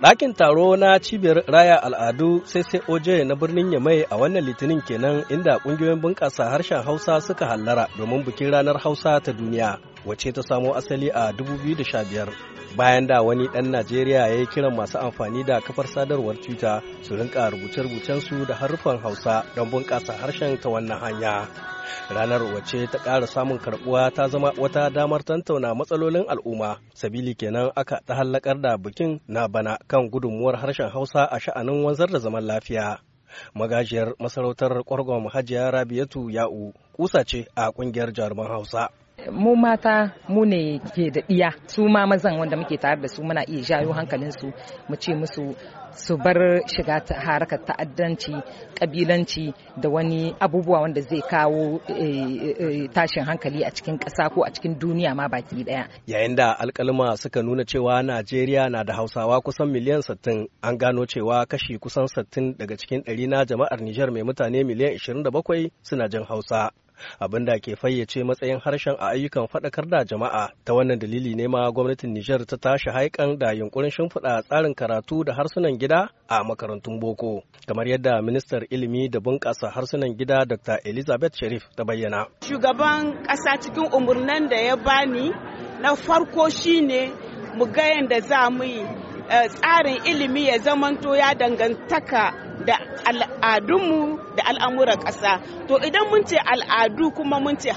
Dakin taro na cibiyar raya al'adu sai sai oje na birnin Yamai a wannan litinin kenan inda ƙungiyoyin bunƙasa harshen Hausa suka hallara domin bikin ranar Hausa ta duniya wacce ta samo asali a 2015 bayan da wani ɗan Najeriya ya yi kiran masu amfani da kafar sadarwar Twitter su rinka rubuce su da haruffan Hausa don bunƙasa harshen ta wannan hanya. ranar wace ta ƙara samun karɓuwa ta zama wata damar tantauna matsalolin al'umma sabili kenan aka ta hallakar da bikin na bana kan gudunmuwar harshen hausa a sha'anin wanzar da zaman lafiya magajiyar masarautar kwargon hajiya rabiatu ya'u kusa ce a ƙungiyar jaruman hausa mu mata mu ne ke da iya su ma mazan wanda muke tare da su muna iya jayo hankalin su mu ce musu su bar shiga harakar ta'addanci kabilanci da wani abubuwa wanda zai kawo eh, eh, tashin hankali a cikin ƙasa ko a cikin duniya ma baki daya yayin da alkalma suka nuna cewa najeriya na da hausawa kusan miliyan 60 an gano cewa kashi kusan 60 daga cikin ɗari na jama'ar nijar mai mutane miliyan 27 suna jin hausa abin da ke fayyace matsayin harshen a ayyukan faɗakar da jama'a ta wannan dalili ne ma gwamnatin Nijar ta tashi haikan da yunkurin shimfiɗa tsarin karatu da harsunan gida a makarantun boko kamar yadda ministar ilimi da bunƙasa harsunan gida Dr. Elizabeth Sharif ta bayyana. Shugaban ƙasa cikin umarnin da ya bani na farko shine mu ga yanda za mu yi Eh, tsarin ilimi ya zamanto ya dangantaka da al'adunmu da al'amuran ƙasa to idan mun ce al'adu kuma mun ce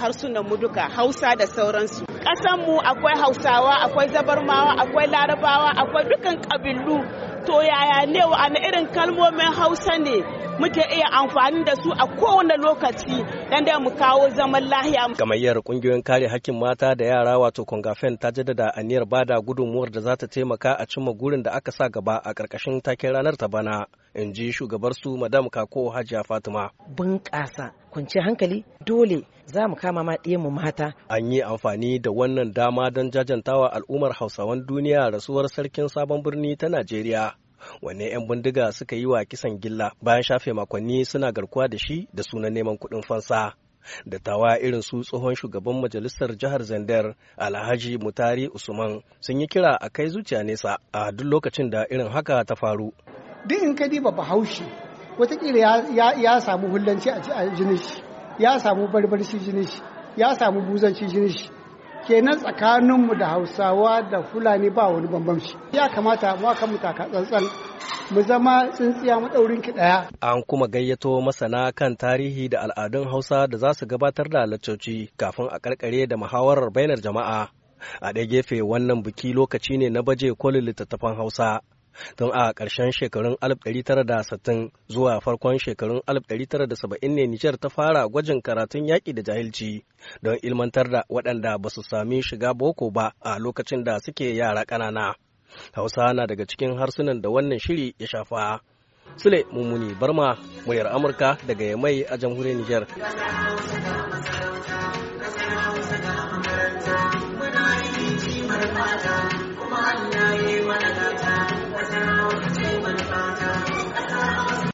mu duka hausa da sauransu ƙasanmu akwai hausawa akwai zabarmawa akwai larabawa akwai dukan ƙabilu to yaya ne wa irin kalmomin hausa ne muke iya amfani da su a kowane lokaci dan da mu kawo zaman lahiya. Gamayyar kungiyoyin kare hakkin mata da yara wato Kongafen ta jaddada aniyar bada gudunmuwar da za ta taimaka a cimma gurin da aka sa gaba a ƙarƙashin taken ranar ta bana. In ji shugabar su Madam Kako Hajiya Fatima. Bunƙasa kunci hankali dole za mu kama ma mu mata. An yi amfani da wannan dama don jajantawa al'ummar Hausawan duniya rasuwar sarkin sabon birni ta Najeriya. wanne 'yan bindiga suka yi wa kisan gilla bayan shafe makonni suna garkuwa da shi da sunan neman kuɗin fansa. Da tawa irin su tsohon shugaban majalisar jihar zandar alhaji mutari usman sun yi kira a kai zuciya nesa a duk lokacin da irin haka ta faru duk in ka diba bahaushe wataƙila ya samu hullanci a jinin shi ya samu barbarci jinin ya samu buzanci jinin kenan tsakaninmu da hausawa da fulani ba wani bambamci ya kamata mu aka mutaka tsantsan mu zama tsintsiya maɗaurin ki ɗaya. An kuma gayyato masana kan tarihi da al'adun Hausa da za su gabatar da laccoci kafin a karkare da muhawarar bainar jama'a. A ɗaya gefe wannan biki lokaci ne na baje kolin littattafan Hausa. tun a ƙarshen shekarun 1960 zuwa farkon shekarun 1970 ne Nijar ta fara gwajin karatun yaƙi da jahilci don ilmantar da waɗanda ba su sami shiga boko ba a lokacin da suke yara ƙanana. Hausa na daga cikin harsunan da wannan shiri ya shafa. Sule Mummuni Barma, muryar Amurka daga Yamai a jamhuriyar Nijar. Thank you.